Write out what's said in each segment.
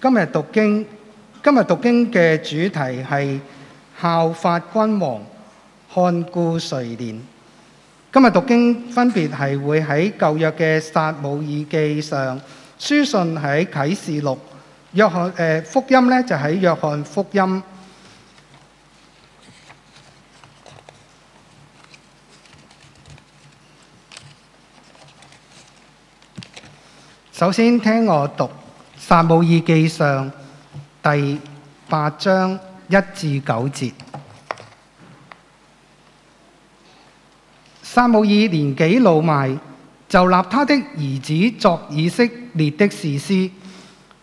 今日讀經，今日讀經嘅主題係效法君王，看顧垂憐。今日讀經分別係會喺舊約嘅撒母耳記上、書信喺啟示錄、約翰、呃、福音咧就喺約翰福音。首先聽我讀。撒母耳記上第八章一至九節。撒母耳年紀老邁，就立他的兒子作以色列的士師。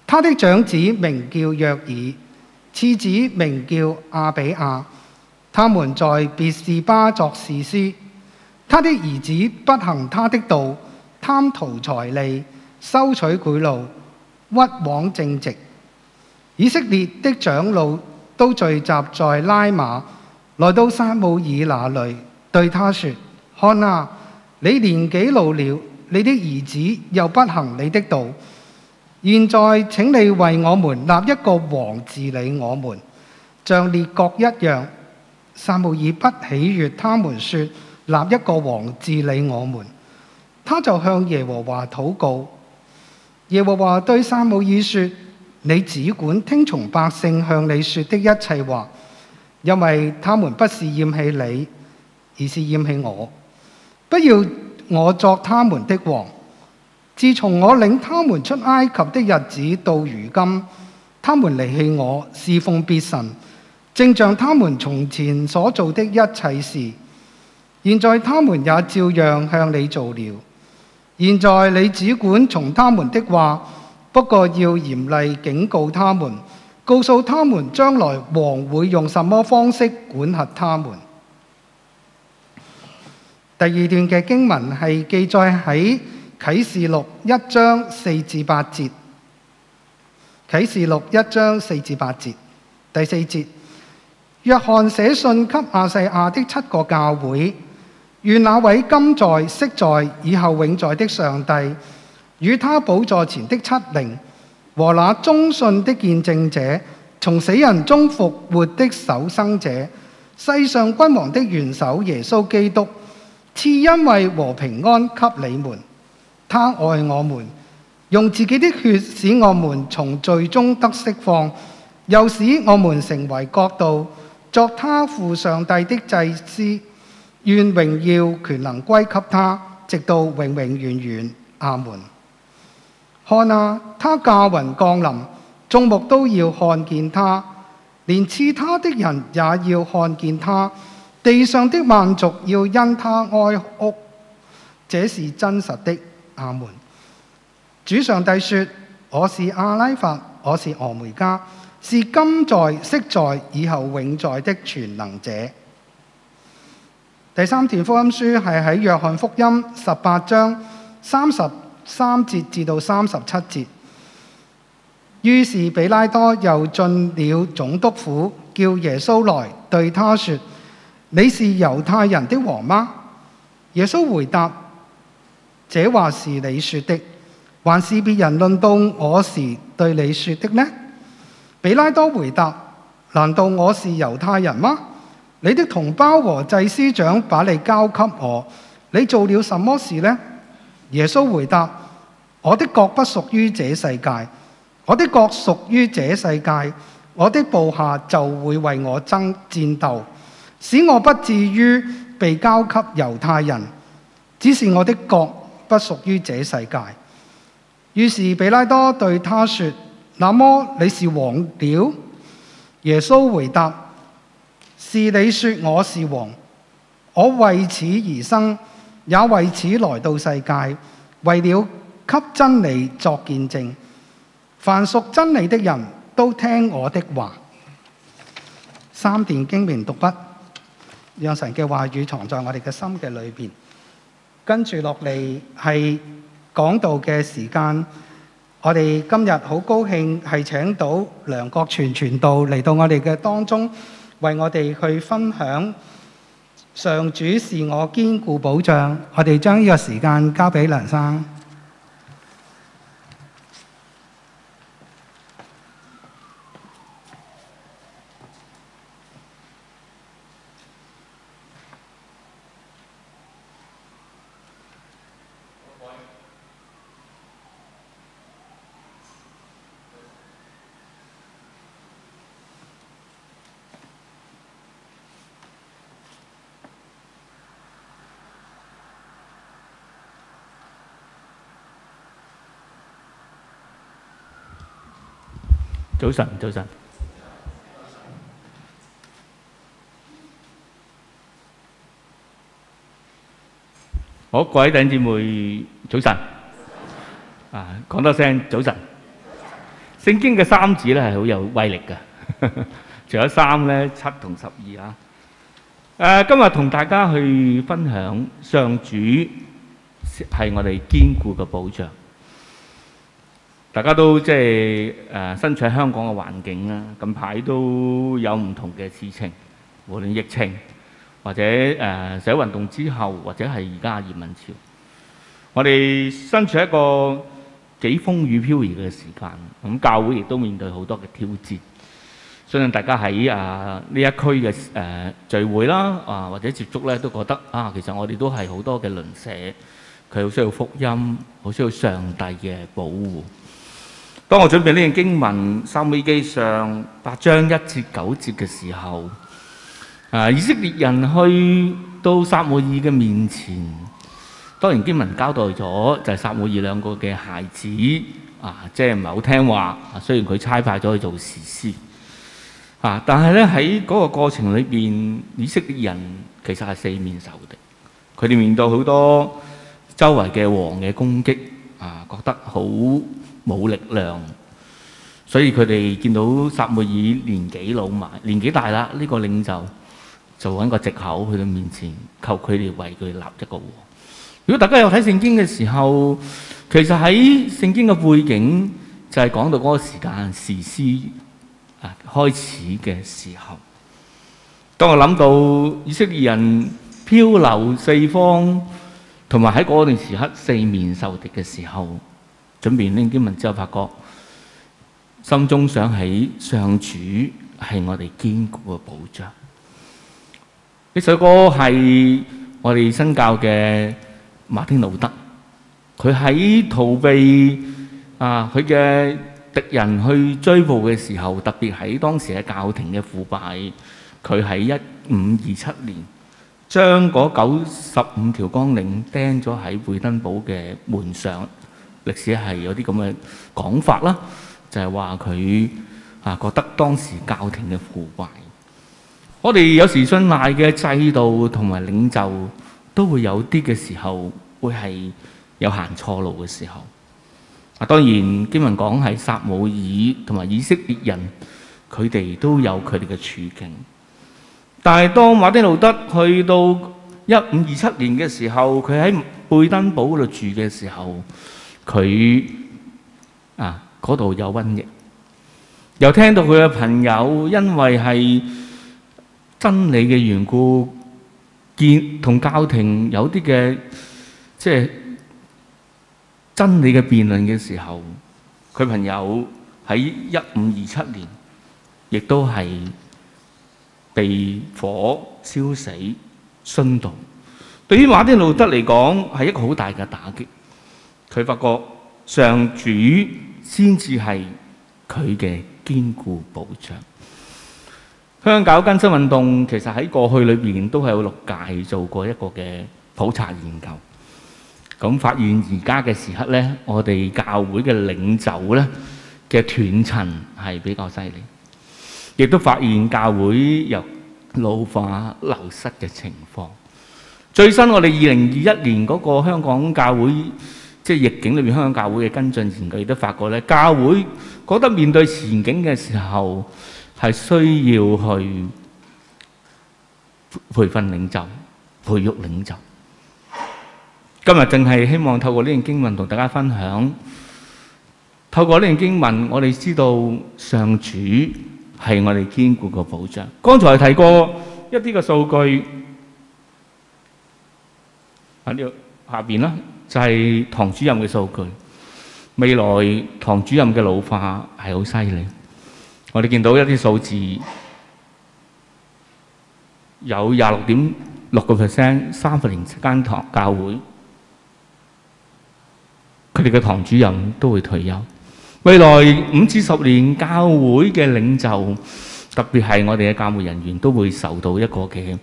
他的長子名叫約爾，次子名叫亞比亞。他們在別士巴作士師。他的兒子不行他的道，貪圖財利，收取賄賂。屈枉正直，以色列的長老都聚集在拉馬，來到撒母耳那裏，對他說：看啊，你年紀老了，你的兒子又不行你的道，現在請你為我們立一個王治理我們，像列國一樣。撒母耳不喜悅他們說立一個王治理我們，他就向耶和華禱告。耶和華對撒母耳說：你只管聽從百姓向你說的一切話，因為他們不是厭棄你，而是厭棄我。不要我作他們的王。自從我領他們出埃及的日子到如今，他們離棄我，侍奉別神，正像他們從前所做的一切事，現在他們也照樣向你做了。現在你只管從他們的話，不過要嚴厲警告他們，告訴他們將來王會用什麼方式管轄他們。第二段嘅經文係記載喺啟示錄一章四至八節。啟示錄一章四至八節，第四節，約翰寫信給亞細亞的七個教會。願那位今在、昔在、以後永在的上帝，與他寶座前的七靈，和那忠信的見證者，從死人中復活的守生者，世上君王的元首耶穌基督，賜恩惠和平安給你們。他愛我們，用自己的血使我們從罪中得釋放，又使我們成為國度，作他父上帝的祭司。願榮耀權能歸給他，直到永永遠遠。阿門。看啊，他駕雲降臨，眾目都要看見他，連刺他的人也要看見他。地上的萬族要因他哀哭。這是真實的。阿門。主上帝說：我是阿拉法，我是俄梅嘉，是今在、昔在、以後永在的全能者。第三段福音書係喺約翰福音十八章三十三節至到三十七節。於是彼拉多又進了總督府，叫耶穌來對他說：你是猶太人的王嗎？耶穌回答：這話是你說的，還是別人論到我時對你說的呢？彼拉多回答：難道我是猶太人嗎？你的同胞和祭司長把你交給我，你做了什麼事呢？耶穌回答：我的國不屬於這世界。我的國屬於這世界，我的部下就會為我爭戰鬥，使我不至於被交給猶太人。只是我的國不屬於這世界。於是彼拉多對他說：那麼你是王了？耶穌回答。是你說我是王，我為此而生，也為此來到世界，為了給真理作見證。凡屬真理的人都聽我的話。三段經明讀畢，讓神嘅話語藏在我哋嘅心嘅裏邊。跟住落嚟係講道嘅時間，我哋今日好高興係請到梁國全傳道嚟到我哋嘅當中。為我哋去分享上主是我堅固保障，我哋將呢個時間交俾梁生。早晨，早晨。好，各位弟兄姊妹，早晨。啊，講多聲早晨。聖經嘅三字呢係好有威力㗎，除咗三呢，七同十二啊。誒，今日同大家去分享上主係我哋堅固嘅保障。大家都即係誒、呃、身處喺香港嘅環境啦。近排都有唔同嘅事情，無論疫情或者誒社、呃、運動之後，或者係而家移民潮，我哋身處一個幾風雨飄移嘅時間。咁、嗯、教會亦都面對好多嘅挑戰。相信大家喺啊呢一區嘅誒、呃、聚會啦啊、呃、或者接觸呢，都覺得啊其實我哋都係好多嘅鄰舍，佢好需要福音，好需要上帝嘅保護。當我準備呢件經文《撒母耳記上》八章一至九節嘅時候，啊，以色列人去到撒母耳嘅面前，當然經文交代咗就係撒母耳兩個嘅孩子啊，即係唔係好聽話啊，雖然佢差派咗去做士師啊，但係咧喺嗰個過程裏邊，以色列人其實係四面受敵，佢哋面對好多周圍嘅王嘅攻擊啊，覺得好冇力量，所以佢哋見到撒母耳年紀老埋，年紀大啦。呢、這個領袖就揾個借口去到面前求佢哋為佢立一個王。如果大家有睇聖經嘅時候，其實喺聖經嘅背景就係、是、講到嗰個時間士師啊開始嘅時候。當我諗到以色列人漂流四方，同埋喺嗰段時刻四面受敵嘅時候。準備拎經文之後，發覺心中想起上主係我哋堅固嘅保障。呢首歌係我哋新教嘅馬丁路德，佢喺逃避啊佢嘅敵人去追捕嘅時候，特別喺當時嘅教廷嘅腐敗，佢喺一五二七年將嗰九十五條綱領釘咗喺維登堡嘅門上。歷史係有啲咁嘅講法啦，就係話佢啊覺得當時教廷嘅腐敗。我哋有時信賴嘅制度同埋領袖都會有啲嘅時候，會係有行錯路嘅時候。啊，當然經文講係撒母耳同埋以色列人，佢哋都有佢哋嘅處境。但係當馬丁路德去到一五二七年嘅時候，佢喺貝登堡嗰度住嘅時候。佢啊，嗰度有瘟疫，又聽到佢嘅朋友因為係真理嘅緣故，見同教廷有啲嘅即係真理嘅辯論嘅時候，佢朋友喺一五二七年，亦都係被火燒死殉道。對於馬丁路德嚟講，係一個好大嘅打擊。佢發覺上主先至係佢嘅堅固保障。香港更新運動其實喺過去裏邊都係有六屆做過一個嘅普查研究，咁發現而家嘅時刻呢，我哋教會嘅領袖呢嘅斷層係比較犀利，亦都發現教會有老化流失嘅情況。最新我哋二零二一年嗰個香港教會。即係逆境裏面，香港教會嘅跟進研究亦都發覺咧，教會覺得面對前景嘅時候係需要去培訓領袖、培育領袖。今日淨係希望透過呢段經文同大家分享，透過呢段經文，我哋知道上主係我哋堅固嘅保障。剛才提過一啲嘅數據，喺呢度下邊啦。就係堂主任嘅數據，未來堂主任嘅老化係好犀利。我哋見到一啲數字，有廿六點六個 percent，三百零間堂教會。佢哋嘅堂主任都會退休。未來五至十年，教會嘅領袖，特別係我哋嘅教會人員都會受到一個嘅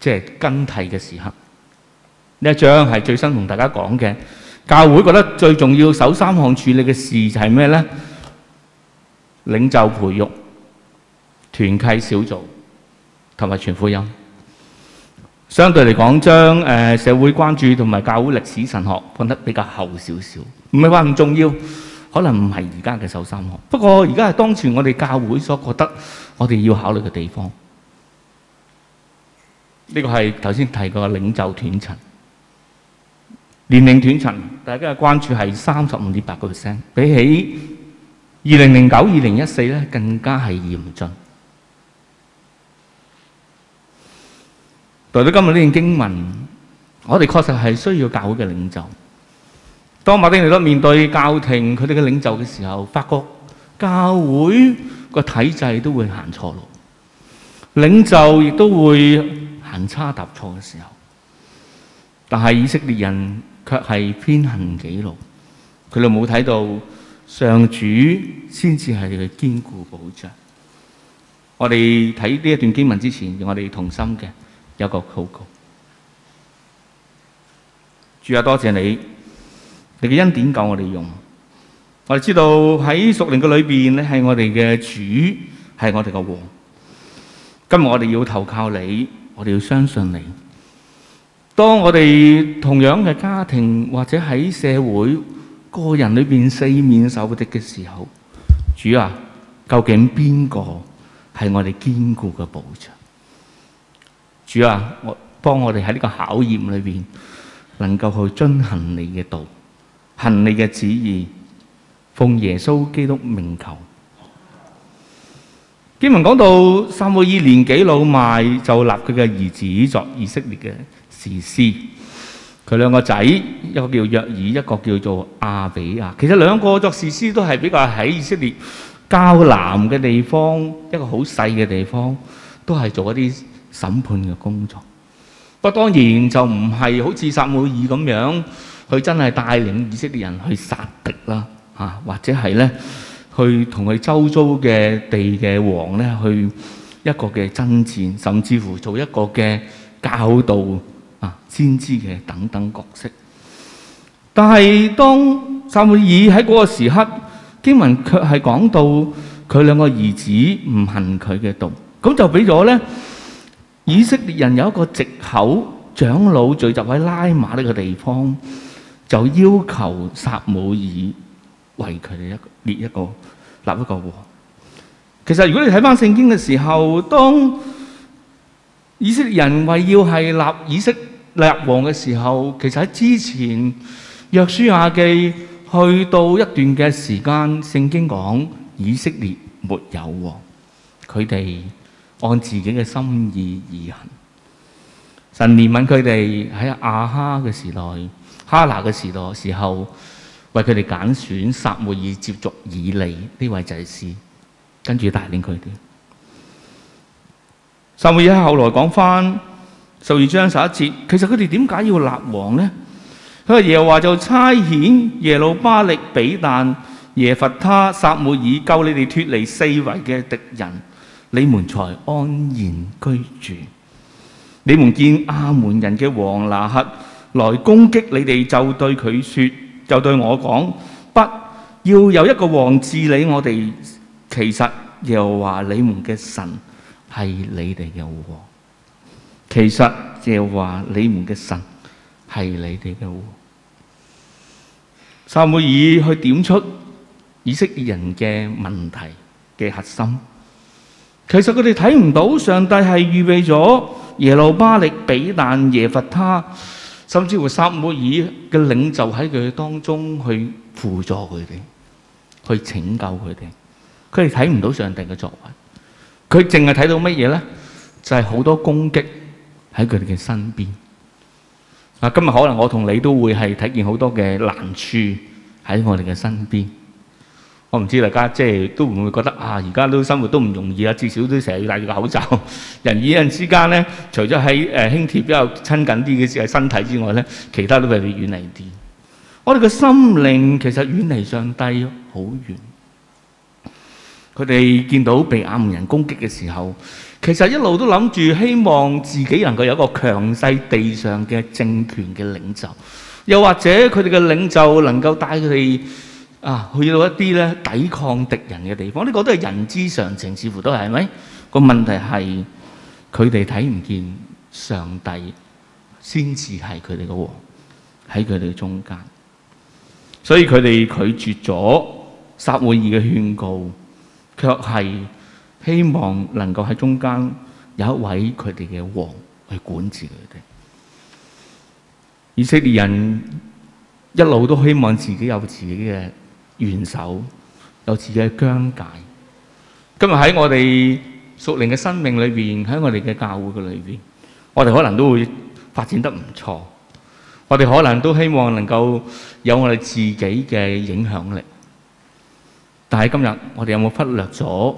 即係更替嘅時刻。呢一張係最新同大家講嘅，教會覺得最重要首三項處理嘅事就係咩呢？領袖培育、團契小組同埋傳福音。相對嚟講，將誒社會關注同埋教會歷史神學判得比較後少少，唔係話唔重要，可能唔係而家嘅首三項。不過而家係當前我哋教會所覺得我哋要考慮嘅地方。呢個係頭先提過領袖斷層。年齡斷層，大家嘅關注係三十五點八個 percent，比起二零零九二零一四咧更加係嚴峻。來到今日呢段經文，我哋確實係需要教會嘅領袖。當馬丁尼多面對教廷佢哋嘅領袖嘅時候，發覺教會個體制都會行錯路，領袖亦都會行差踏錯嘅時候，但係以色列人，卻係偏行己路，佢哋冇睇到上主先至係佢嘅堅固保障。我哋睇呢一段經文之前，讓我哋同心嘅有個禱告，告。主啊，多謝你，你嘅恩典夠我哋用。我哋知道喺屬靈嘅裏邊咧，係我哋嘅主，係我哋嘅王。今日我哋要投靠你，我哋要相信你。當我哋同樣嘅家庭或者喺社會個人裏邊四面受敵嘅時候，主啊，究竟邊個係我哋堅固嘅保障？主啊，我幫我哋喺呢個考驗裏邊能夠去遵行你嘅道，行你嘅旨意，奉耶穌基督名求。經文講到，撒母耳年紀老邁，就立佢嘅兒子作以色列嘅。士師，佢兩個仔，一個叫約珥，一個叫做亞比亞。其實兩個作士師都係比較喺以色列較南嘅地方，一個好細嘅地方，都係做一啲審判嘅工作。不過當然就唔係好似撒母耳咁樣，佢真係帶領以色列人去殺敵啦，嚇或者係呢去同佢周遭嘅地嘅王呢去一個嘅爭戰，甚至乎做一個嘅教導。啊，先知嘅等等角色，但係當撒母耳喺嗰個時刻，經文卻係講到佢兩個兒子唔行佢嘅道，咁就俾咗咧以色列人有一個籍口，長老聚集喺拉馬呢個地方，就要求撒母耳為佢哋一個一個立一個王。其實如果你睇翻聖經嘅時候，當以色列人為要係立以色立王嘅時候，其實喺之前約書亞記去到一段嘅時間，聖經講以色列沒有王，佢哋按自己嘅心意而行。神憐憫佢哋喺亞哈嘅時代、哈拿嘅時代時候，為佢哋揀選撒母耳接續以利呢位祭司，跟住帶領佢哋。撒母耳喺後來講翻。十二章十一節，其實佢哋點解要立王呢？佢話耶和華就差遣耶路巴力、比但、耶弗他、撒母耳救你哋脫離四圍嘅敵人，你們才安然居住。你們見亞門人嘅王拿克來攻擊你哋，就對佢說，就對我講，不要有一個王治理我哋。其實耶和華你們嘅神係你哋嘅王。其實就係話，你們嘅神係你哋嘅禍。撒母耳去點出以色列人嘅問題嘅核心，其實佢哋睇唔到上帝係預備咗耶路巴力、比但、耶弗他，甚至乎撒母耳嘅領袖喺佢當中去輔助佢哋，去拯救佢哋。佢哋睇唔到上帝嘅作為，佢淨係睇到乜嘢咧？就係好多攻擊。喺佢哋嘅身邊。啊，今日可能我同你都會係睇見好多嘅難處喺我哋嘅身邊。我唔知大家即係都唔會覺得啊，而家都生活都唔容易啊，至少都成日要戴住個口罩。人與人之間咧，除咗喺誒輕貼比較親近啲嘅只係身體之外咧，其他都係要遠離啲。我哋嘅心靈其實遠離上帝好遠。佢哋見到被亞捫人攻擊嘅時候。其實一路都諗住希望自己能夠有一個強勢地上嘅政權嘅領袖，又或者佢哋嘅領袖能夠帶佢哋啊去到一啲咧抵抗敵人嘅地方，呢個都係人之常情，似乎都係，係咪？個問題係佢哋睇唔見上帝先至係佢哋嘅王喺佢哋嘅中間，所以佢哋拒絕咗撒母耳嘅勸告，卻係。希望能夠喺中間有一位佢哋嘅王去管治佢哋。以色列人一路都希望自己有自己嘅元首，有自己嘅疆界。今日喺我哋屬靈嘅生命裏邊，喺我哋嘅教會嘅裏邊，我哋可能都會發展得唔錯。我哋可能都希望能夠有我哋自己嘅影響力。但係今日，我哋有冇忽略咗？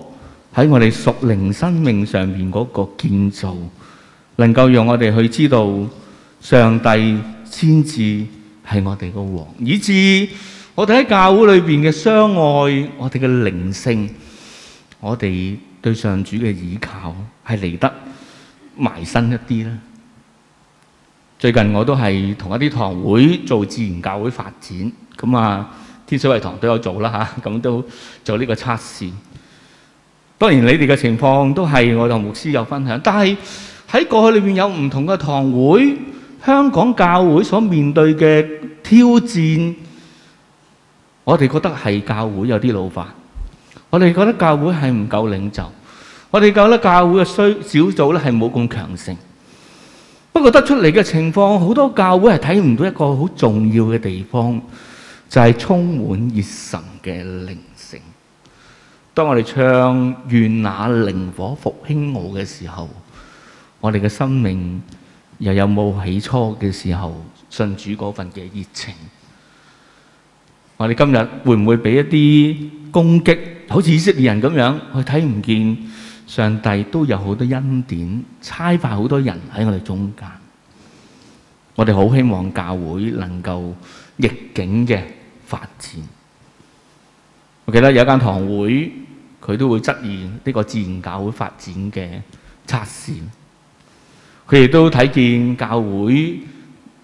喺我哋屬靈生命上面嗰個建造，能夠讓我哋去知道上帝先至係我哋個王，以至我哋喺教會裏邊嘅相愛，我哋嘅靈性，我哋對上主嘅倚靠，係嚟得埋身一啲啦。最近我都係同一啲堂會做自然教會發展，咁啊，天水圍堂都有做啦吓，咁、啊、都做呢個測試。當然你哋嘅情況都係我同牧師有分享，但係喺過去裏邊有唔同嘅堂會，香港教會所面對嘅挑戰，我哋覺得係教會有啲老化，我哋覺得教會係唔夠領袖，我哋覺得教會嘅需小組咧係冇咁強盛。不過得出嚟嘅情況，好多教會係睇唔到一個好重要嘅地方，就係充滿熱神嘅靈。當我哋唱願那靈火復興我嘅時候，我哋嘅生命又有冇起初嘅時候信主嗰份嘅熱情？我哋今日會唔會俾一啲攻擊，好似以色列人咁樣去睇唔見上帝都有好多恩典，差派好多人喺我哋中間。我哋好希望教會能夠逆境嘅發展。我記得有一間堂會。佢都會質疑呢個自然教會發展嘅測試，佢亦都睇見教會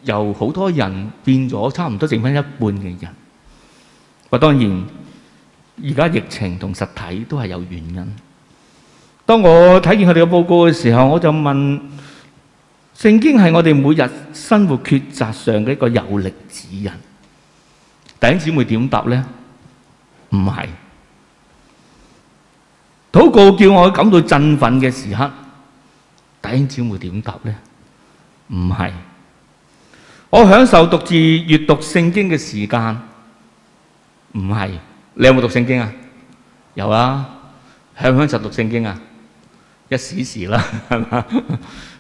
由好多人變咗，差唔多剩返一半嘅人。不過當然，而家疫情同實體都係有原因。當我睇見佢哋嘅報告嘅時候，我就問：聖經係我哋每日生活抉擇上嘅一個有力指引？弟兄姊妹點答咧？唔係。禱告叫我感到振奮嘅時刻，弟兄姊妹點答咧？唔係，我享受獨自閱讀聖經嘅時間，唔係。你有冇讀聖經啊？有啊，享唔享受讀聖經啊？一時時啦，係嘛？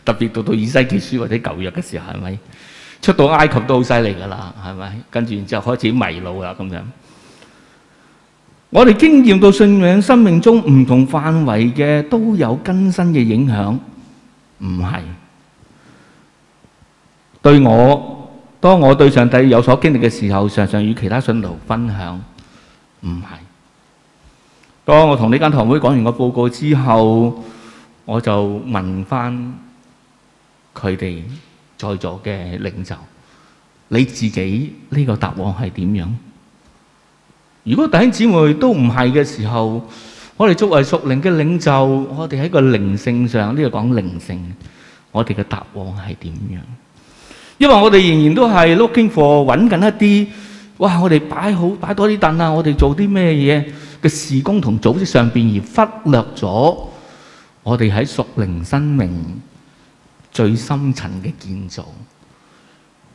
特別讀到以西結書或者舊約嘅時候，係咪出到埃及都好犀利噶啦？係咪？跟住然之後開始迷路啦，咁樣。我哋經驗到信仰生命中唔同範圍嘅都有更新嘅影響，唔係對我。當我對上帝有所經歷嘅時候，常常與其他信徒分享，唔係。當我同呢間堂會講完個報告之後，我就問返佢哋在座嘅領袖，你自己呢個答案係點樣？如果弟兄姊妹都唔係嘅時候，我哋作為屬靈嘅領袖，我哋喺個靈性上，呢個講靈性，我哋嘅答案係點樣？因為我哋仍然都係 looking for 揾緊一啲，哇！我哋擺好擺多啲凳啊，我哋做啲咩嘢嘅事工同組織上面而忽略咗我哋喺屬靈生命最深層嘅建造。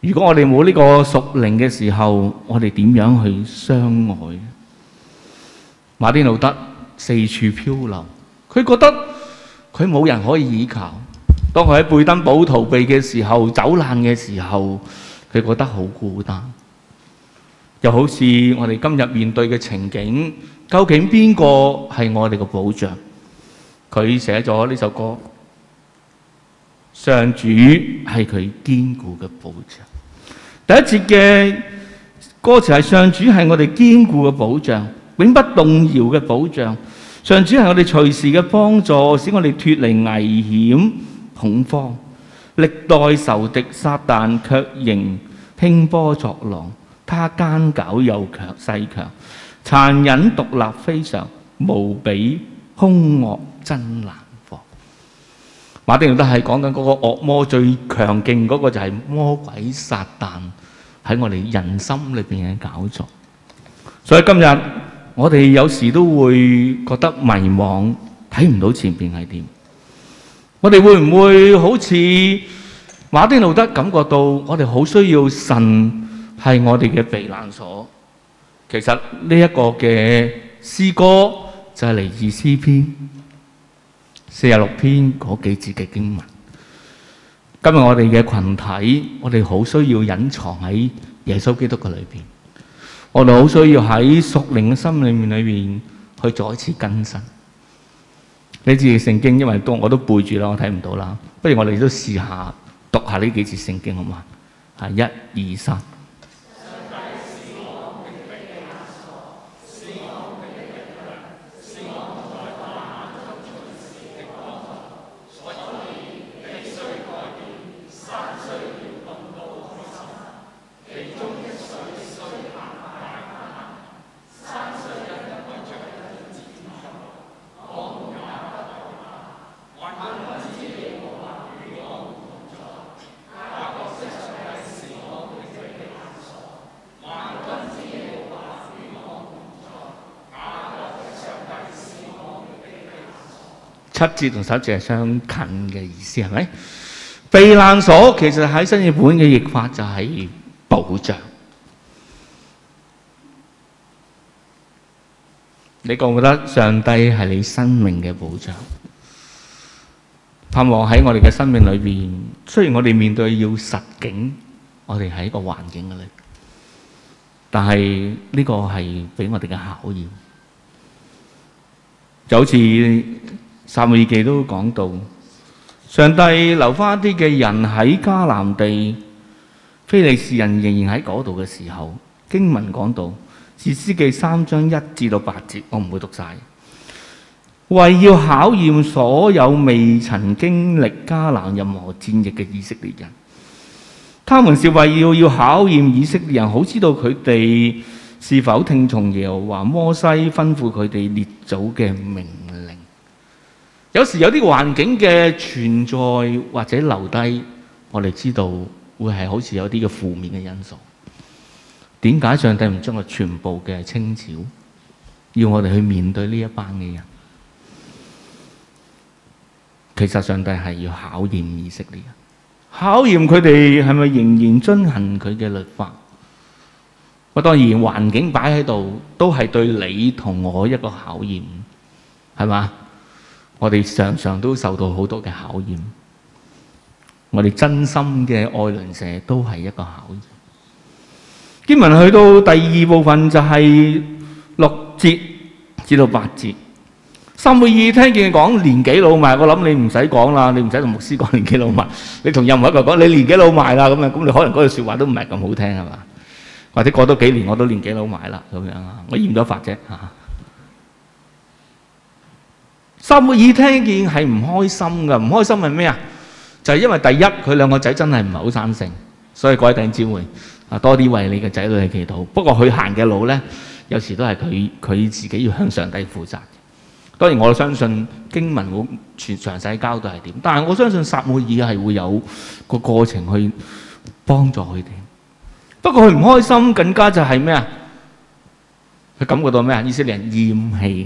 如果我哋冇呢個熟靈嘅時候，我哋點樣去相愛？馬丁路德四處漂流，佢覺得佢冇人可以倚靠。當佢喺貝登堡逃避嘅時候，走難嘅時候，佢覺得好孤單。又好似我哋今日面對嘅情景，究竟邊個係我哋嘅保障？佢寫咗呢首歌，上主係佢堅固嘅保障。第一節嘅歌詞係：上主係我哋堅固嘅保障，永不動搖嘅保障。上主係我哋隨時嘅幫助，使我哋脫離危險恐慌。歷代仇敵撒但卻仍興波作浪，他奸狡又強勢強，殘忍獨立非常無比兇惡真難。馬丁路德係講緊嗰個惡魔最強勁嗰個就係魔鬼撒旦喺我哋人心裏邊嘅搞作，所以今日我哋有時都會覺得迷惘，睇唔到前邊係點。我哋會唔會好似馬丁路德感覺到我哋好需要神係我哋嘅避難所？其實呢一個嘅詩歌就係嚟自詩篇。四十六篇嗰幾字嘅經文，今日我哋嘅群體，我哋好需要隱藏喺耶穌基督嘅裏邊，我哋好需要喺屬靈嘅心裏面裏面去再次更新。你自己聖經因為都我都背住啦，我睇唔到啦，不如我哋都試下讀下呢幾字聖經好嘛？啊，一、二、三。七字同手字係相近嘅意思，係咪避難所？其實喺新譯本嘅譯法就係保障。你覺唔覺得上帝係你生命嘅保障？盼望喺我哋嘅生命裏邊，雖然我哋面對要實景，我哋係一個環境嘅咧，但係呢個係俾我哋嘅考驗，就好似。撒母耳記都講到，上帝留返啲嘅人喺迦南地，非利士人仍然喺嗰度嘅時候，經文講到，士師記三章一至到八節，我唔會讀晒，為要考驗所有未曾經歷迦南任何戰役嘅以色列人，他們是為要要考驗以色列人，好知道佢哋是否聽從耶和華摩西吩咐佢哋列祖嘅命。有時有啲環境嘅存在或者留低，我哋知道會係好似有啲嘅負面嘅因素。點解上帝唔將我全部嘅清朝要我哋去面對呢一班嘅人？其實上帝係要考驗以色列人，考驗佢哋係咪仍然遵行佢嘅律法。我當然環境擺喺度，都係對你同我一個考驗，係嘛？我哋常常都受到好多嘅考驗，我哋真心嘅愛鄰舍都係一個考驗。經文去到第二部分就係六節至到八節。三個二聽見講年紀老邁，我諗你唔使講啦，你唔使同牧師講年紀老邁，你同任何一個講你年紀老邁啦咁啊，咁你可能嗰句説話都唔係咁好聽係嘛？或者過多幾年我都年紀老邁啦咁樣啊，我驗咗法啫嚇。撒母耳聽見係唔開心嘅，唔開心係咩啊？就係、是、因為第一佢兩個仔真係唔係好生性，所以各位弟兄姊妹啊，多啲為你嘅仔女嚟祈禱。不過佢行嘅路咧，有時都係佢佢自己要向上帝負責。當然我相信經文會全詳細交代係點，但係我相信撒母耳係會有個過程去幫助佢哋。不過佢唔開心，更加就係咩啊？佢感覺到咩啊？以色列人厭棄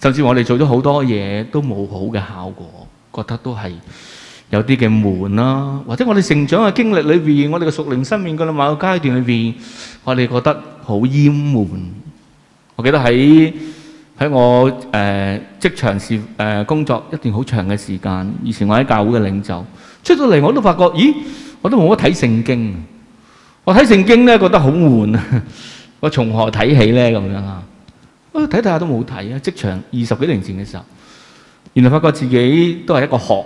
甚至我哋做咗好多嘢都冇好嘅效果，覺得都係有啲嘅悶啦，或者我哋成長嘅經歷裏邊，我哋嘅屬靈生命嘅某個階段裏邊，我哋覺得好厭悶。我記得喺喺我誒職、呃、場事誒、呃、工作一段好長嘅時間，以前我喺教會嘅領袖出咗嚟，我都發覺咦，我都冇乜睇聖經，我睇聖經咧覺得好悶啊， 我從何睇起咧咁樣啊？睇睇下都冇睇啊！職場二十幾年前嘅時候，原來發覺自己都係一個殼。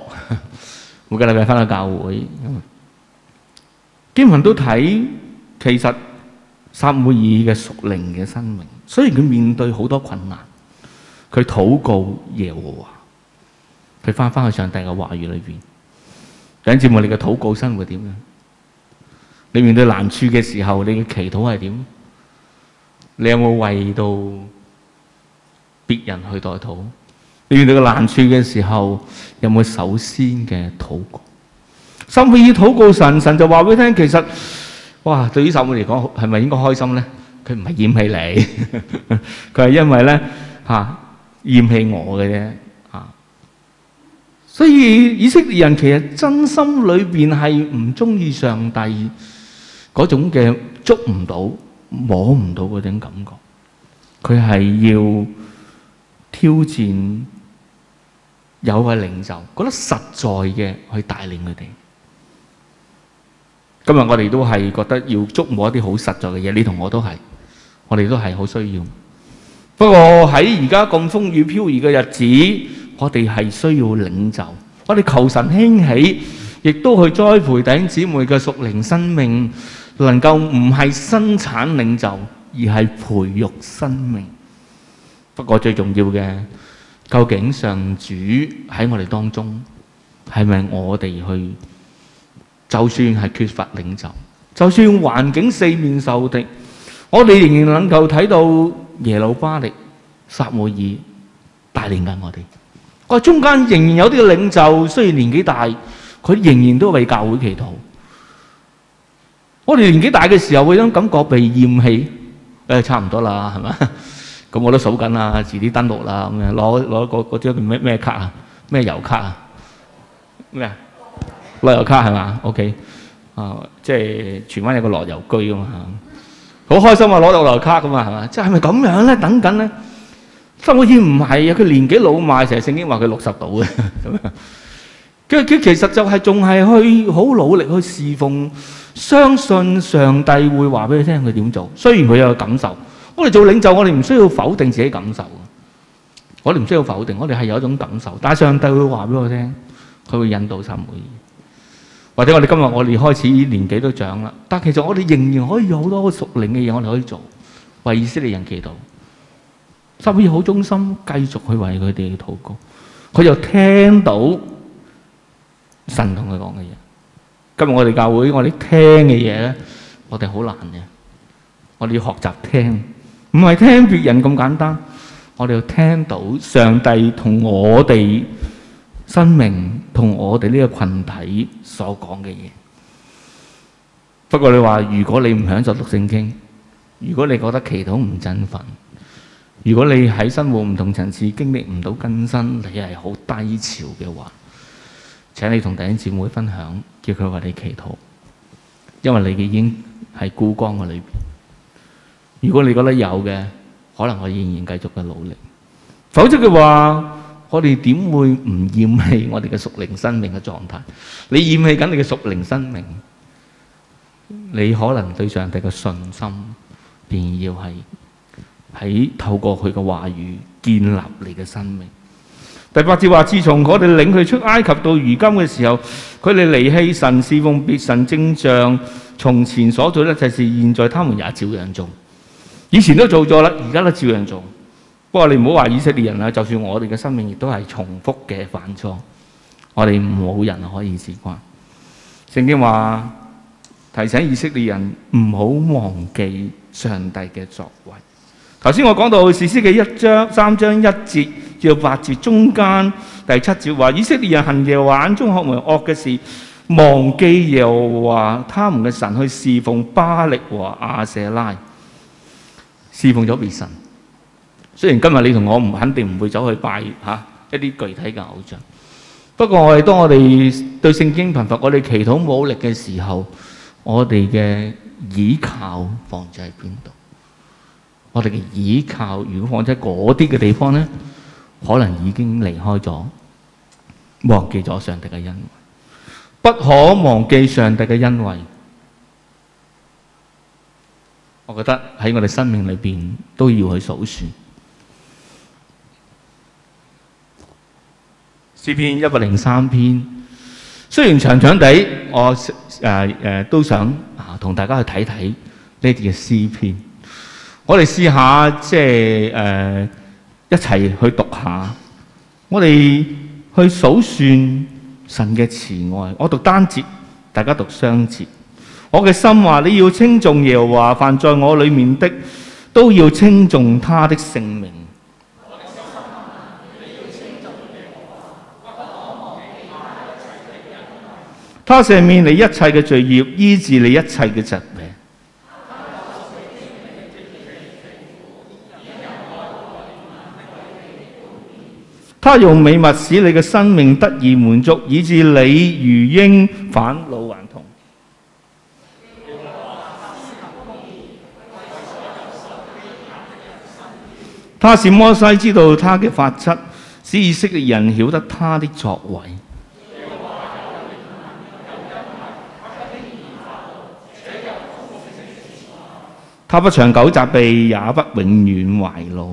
每個禮拜翻到教會，經文都睇，其實撒母耳嘅屬靈嘅生命。雖然佢面對好多困難，佢禱告耶和華，佢翻返去上帝嘅話語裏邊。緊接住你嘅禱告生活點樣？你面對難處嘅時候，你嘅祈禱係點？你有冇為到別人去代禱，你遇到個難處嘅時候，有冇首先嘅禱告？甚至禱告神，神就話俾你聽，其實哇，對於神父嚟講，係咪應該開心咧？佢唔係厭棄你，佢係因為咧嚇厭棄我嘅啫嚇。所以以色列人其實真心裏邊係唔中意上帝嗰種嘅捉唔到、摸唔到嗰種感覺，佢係要。挑戰有位領袖覺得實在嘅去帶領佢哋。今日我哋都係覺得要觸摸一啲好實在嘅嘢，你同我都係，我哋都係好需要。不過喺而家咁風雨飄搖嘅日子，我哋係需要領袖。我哋求神興起，亦都去栽培弟兄姊妹嘅屬靈生命，能夠唔係生產領袖，而係培育生命。不過最重要嘅，究竟上主喺我哋當中，係咪我哋去？就算係缺乏領袖，就算環境四面受敵，我哋仍然能夠睇到耶路巴力、撒母耳帶領緊我哋。個中間仍然有啲領袖，雖然年紀大，佢仍然都為教會祈禱。我哋年紀大嘅時候會有種感覺被厭棄，誒、呃，差唔多啦，係咪？咁我都數緊啦，遲啲登錄啦，咁樣攞攞個嗰張咩咩卡啊？咩郵卡啊？咩啊？旅遊卡係嘛？OK 啊，即係荃灣有個旅遊區啊嘛，好、啊、開心啊！攞到旅遊卡啊嘛，係嘛？即係咪咁樣咧？等緊咧？心好似唔係啊！佢年紀老邁，成日聖經話佢六十度嘅，咁啊，佢佢其實就係仲係去好努力去侍奉，相信上帝會話俾佢聽佢點做，雖然佢有個感受。我哋做領袖，我哋唔需要否定自己感受，我哋唔需要否定，我哋係有一種感受。但係上帝會話俾我聽，佢會引導撒母耳。或者我哋今日我哋開始年紀都長啦，但係其實我哋仍然可以有好多個屬靈嘅嘢，我哋可以做，為以色列人祈禱，撒母耳好忠心，繼續去為佢哋禱告。佢就聽到神同佢講嘅嘢。今日我哋教會，我哋聽嘅嘢咧，我哋好難嘅，我哋要學習聽。唔係聽別人咁簡單，我哋要聽到上帝同我哋生命同我哋呢個群體所講嘅嘢。不過你話，如果你唔享受讀聖經，如果你覺得祈禱唔振奮，如果你喺生活唔同層次經歷唔到更新，你係好低潮嘅話，請你同弟兄姊妹分享，叫佢為你祈禱，因為你嘅已經係孤光嘅裏邊。如果你覺得有嘅，可能我仍然繼續嘅努力。否則嘅話，我哋點會唔厭棄我哋嘅屬靈生命嘅狀態？你厭棄緊你嘅屬靈生命，你可能對上帝嘅信心便要係喺透過佢嘅話語建立你嘅生命。第八節話：自從我哋領佢出埃及到如今嘅時候，佢哋離棄神，別神，侍奉別神，正像從前所做嘅，就是現在他們也照樣做。以前都做咗啦，而家都照樣做。不過你唔好話以色列人啦，就算我哋嘅生命亦都係重複嘅犯錯，我哋冇人可以自關。聖經話提醒以色列人唔好忘記上帝嘅作為。頭先我講到士師記一章三章一節，要八節中間第七節話，以色列人行耶和華眼中看為惡嘅事，忘記耶和華他們嘅神去侍奉巴力和亞舍拉。侍奉咗別神。雖然今日你同我唔肯定唔會走去拜嚇、啊、一啲具體嘅偶像，不過我哋當我哋對聖經貧乏，我哋祈禱冇力嘅時候，我哋嘅倚靠放咗喺邊度？我哋嘅倚靠如果放咗喺嗰啲嘅地方咧，可能已經離開咗，忘記咗上帝嘅恩惠。不可忘記上帝嘅恩惠。我覺得喺我哋生命裏邊都要去數算。詩篇一百零三篇，雖然長長地，我誒誒、呃呃、都想啊同、呃、大家去睇睇呢啲嘅詩篇。我哋試下即係誒、呃、一齊去讀下，我哋去數算神嘅慈愛。我讀單節，大家讀雙節。我嘅心話：你要稱頌耶和華，凡在我裏面的都要稱頌他的聖名。 他赦免你一切嘅罪孽，醫治你一切嘅疾病。他用美物使你嘅生命得以滿足，以致你如鷹返老還。他是摩西知道他的法則，知識嘅人曉得他的作為。他不長久責備，也不永遠懷老。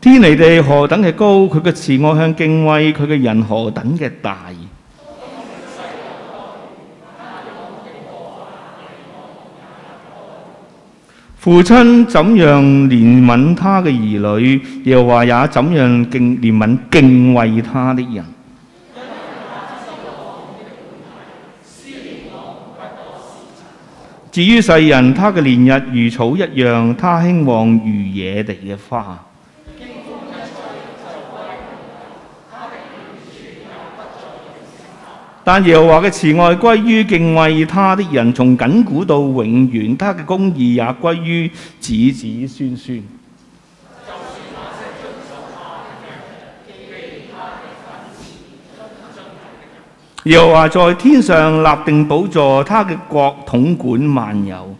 天離地何等嘅高，佢嘅慈愛向敬畏，佢嘅人何等嘅大。父親怎樣憐憫他嘅兒女，又話也怎樣敬憐憫敬畏他的人。至於世人，他嘅年日如草一樣，他興旺如野地嘅花。但耶和華嘅慈愛歸於敬畏他的人，從亙古到永遠，他嘅公義也歸於子子孫孫。耶和華 在天上立定寶座，他嘅國統管萬有。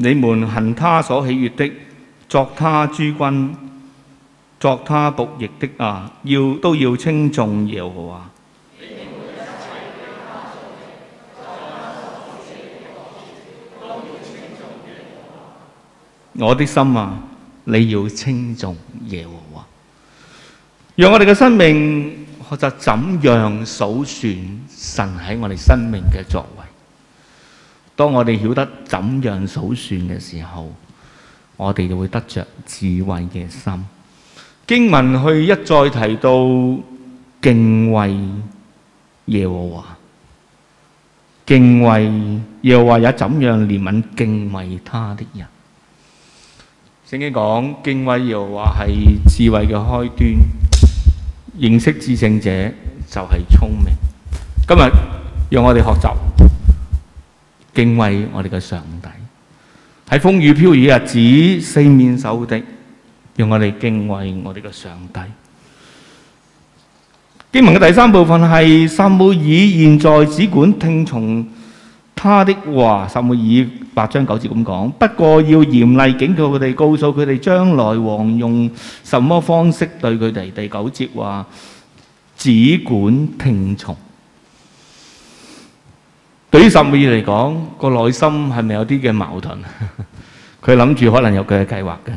你們行他所喜悅的，作他諸君，作他僕役的啊，要都要稱頌耶和華。的的的和華我的心啊，你要稱頌耶和華。讓我哋嘅生命學習怎樣數算神喺我哋生命嘅作為。當我哋曉得怎樣數算嘅時候，我哋就會得着智慧嘅心。經文去一再提到敬畏耶和華，敬畏耶和華有怎樣憐憫敬畏他的人。聖經講敬畏耶和華係智慧嘅開端，認識至聖者就係聰明。今日讓我哋學習。敬畏我哋嘅上帝，喺風雨飄雨日子，四面受敵，用我哋敬畏我哋嘅上帝。經文嘅第三部分係撒母耳，現在只管聽從他的話。撒母耳八章九節咁講，不過要嚴厲警告佢哋，告訴佢哋將來王用什麼方式對佢哋。第九節話只管聽從。對於撒母耳嚟講，個內心係咪有啲嘅矛盾？佢諗住可能有佢嘅計劃嘅。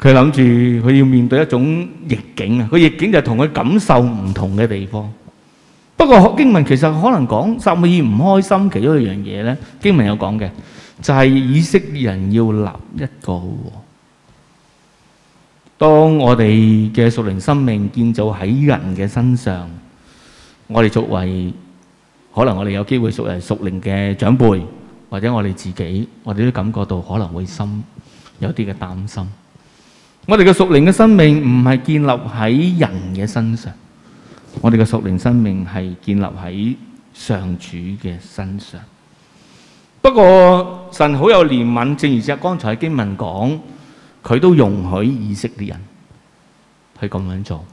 佢諗住佢要面對一種逆境啊！個逆境就係同佢感受唔同嘅地方。不過經文其實可能講撒母耳唔開心其中一樣嘢咧，經文有講嘅就係以色列人要立一個。當我哋嘅屬靈生命建造喺人嘅身上，我哋作為。可能我哋有機會屬係屬靈嘅長輩，或者我哋自己，我哋都感覺到可能會心有啲嘅擔心。我哋嘅屬靈嘅生命唔係建立喺人嘅身上，我哋嘅屬靈生命係建立喺上主嘅身上。不過神好有憐憫，正如且剛才經文講，佢都容許以色列啲人去咁樣做。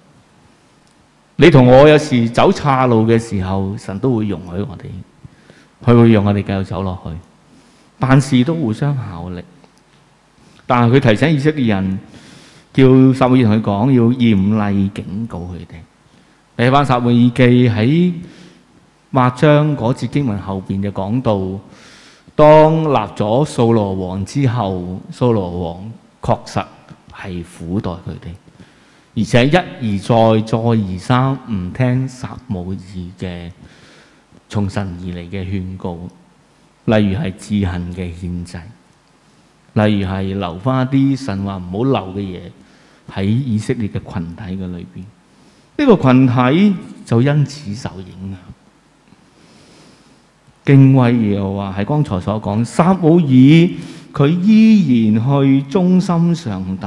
你同我有時走岔路嘅時候，神都會容許我哋，佢會讓我哋繼續走落去。辦事都互相效力，但係佢提醒以色列人，叫撒母耳同佢講，要嚴厲警告佢哋。你翻撒母耳記喺八章嗰節經文後邊就講到：「當立咗掃羅王之後，掃羅王確實係苦待佢哋。而且一而再、再而三唔聽撒母耳嘅從神而嚟嘅勸告，例如係自行嘅憲制，例如係留翻啲神話唔好留嘅嘢喺以色列嘅群體嘅裏邊，呢、這個群體就因此受影響！敬畏又話係剛才所講，撒母耳佢依然去忠心上帝。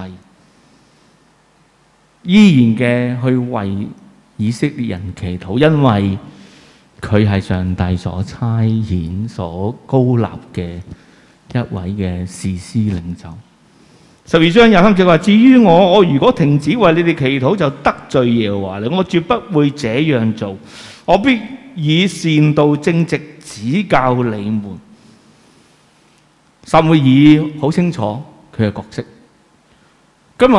依然嘅去為以色列人祈禱，因為佢係上帝所差遣、所高立嘅一位嘅士師領袖。十二章廿三節話：至於我，我如果停止為你哋祈禱，就得罪耶和華了。我絕不會這樣做，我必以善道正直指教你們。撒母耳好清楚佢嘅角色。今日。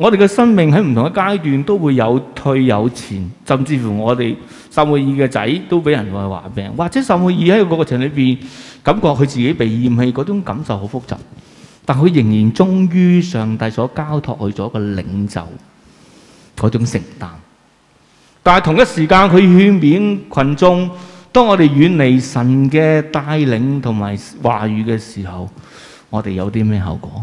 我哋嘅生命喺唔同嘅階段都會有退有前，甚至乎我哋撒母耳嘅仔都俾人話話病，或者撒母耳喺嗰個過程裏邊感覺佢自己被厭棄嗰種感受好複雜，但佢仍然忠於上帝所交託佢咗嘅領袖嗰種承擔。但係同一時間，佢勸勉群眾：當我哋遠離神嘅帶領同埋話語嘅時候，我哋有啲咩後果？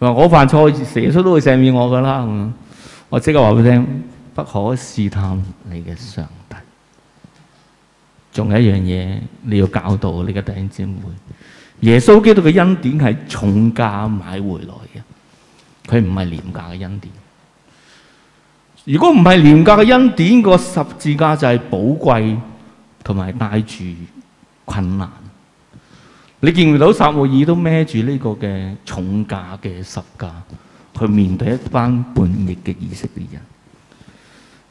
話我犯錯，耶穌都會赦免我噶啦。我即刻話俾你聽，不可試探你嘅上帝。仲有一樣嘢，你要教導，你嘅弟兄姊妹。耶穌基督嘅恩典係重價買回來嘅，佢唔係廉價嘅恩典。如果唔係廉價嘅恩典，個十字架就係寶貴，同埋帶住困難。你見唔到撒母耳都孭住呢個嘅重價嘅十架去面對一班叛逆嘅以色列人，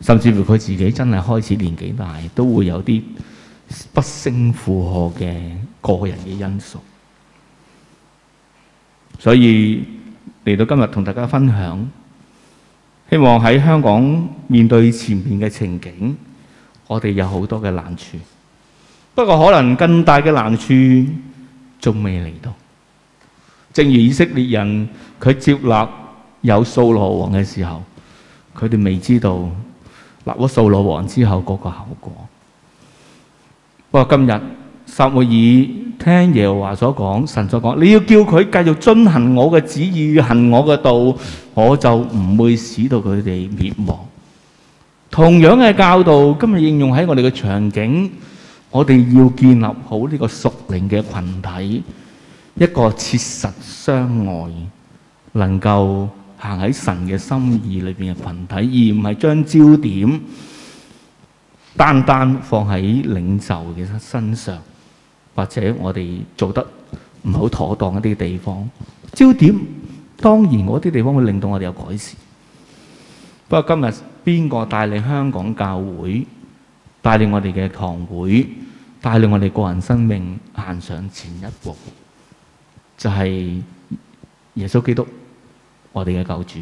甚至乎佢自己真係開始年紀大，都會有啲不勝負荷嘅個人嘅因素。所以嚟到今日同大家分享，希望喺香港面對前面嘅情景，我哋有好多嘅難處。不過可能更大嘅難處。仲未嚟到。正如以色列人佢接納有掃羅王嘅時候，佢哋未知道立咗掃羅王之後嗰個後果。不過今日撒母耳聽耶和華所講，神所講，你要叫佢繼續遵行我嘅旨意，行我嘅道，我就唔會使到佢哋滅亡。同樣嘅教導，今日應用喺我哋嘅場景。我哋要建立好呢個屬靈嘅羣體，一個切實相愛，能夠行喺神嘅心意裏邊嘅羣體，而唔係將焦點單單放喺領袖嘅身上，或者我哋做得唔好妥當一啲地方。焦點當然嗰啲地方會令到我哋有改善。不過今日邊個帶領香港教會，帶領我哋嘅堂會？帶領我哋個人生命行上前一步，就係耶穌基督，我哋嘅救主。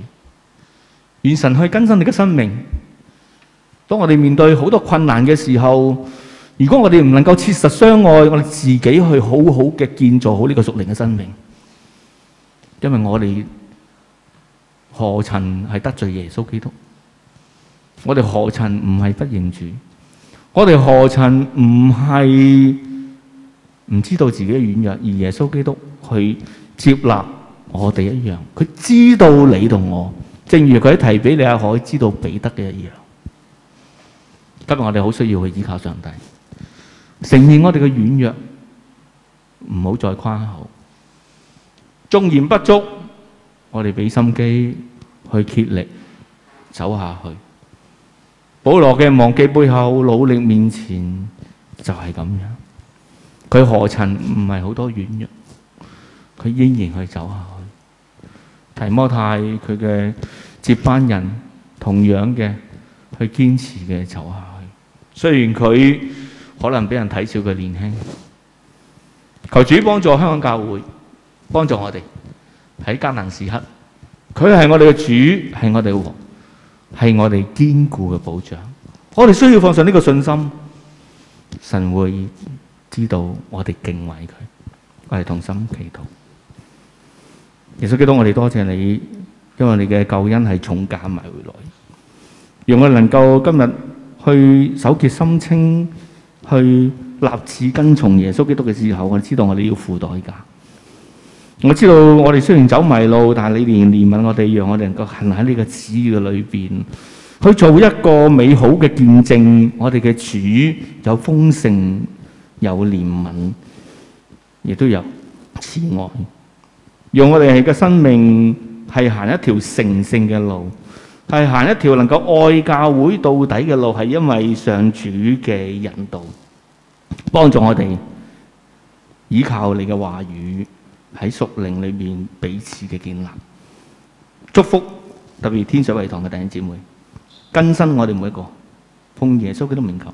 願神去更新你嘅生命。當我哋面對好多困難嘅時候，如果我哋唔能夠切實相愛，我哋自己去好好嘅建造好呢個屬靈嘅生命，因為我哋何曾係得罪耶穌基督？我哋何曾唔係不認主？我哋何曾唔係唔知道自己嘅軟弱，而耶穌基督去接納我哋一樣，佢知道你同我，正如佢喺提比哩亞海知道彼得嘅一樣。今日我哋好需要去依靠上帝，承認我哋嘅軟弱，唔好再誇口。縱然不足，我哋俾心機去竭力走下去。保羅嘅忘記背後，努力面前就係咁樣。佢何曾唔係好多軟弱？佢依然去走下去。提摩太佢嘅接班人同樣嘅去堅持嘅走下去。雖然佢可能俾人睇小，佢年輕。求主幫助香港教會，幫助我哋喺艱難時刻。佢係我哋嘅主，係我哋嘅王。係我哋堅固嘅保障，我哋需要放上呢個信心，神會知道我哋敬畏佢，我哋同心祈禱。耶穌基督，我哋多謝你，因為你嘅救恩係重價買回來，讓我哋能夠今日去手潔心清，去立志跟從耶穌基督嘅時候，我哋知道我哋要付代價。我知道我哋雖然走迷路，但係你哋憐憫我哋，讓我哋能夠行喺呢個旨意裏邊，去做一個美好嘅見證。我哋嘅主有豐盛，有憐憫，亦都有慈愛，讓我哋嘅生命係行一條成聖嘅路，係行一條能夠愛教會到底嘅路，係因為上主嘅引導，幫助我哋依靠你嘅話語。喺屬靈裏面彼此嘅建立，祝福特別天水圍堂嘅弟兄姊妹，更新我哋每一個，奉耶穌嘅名求。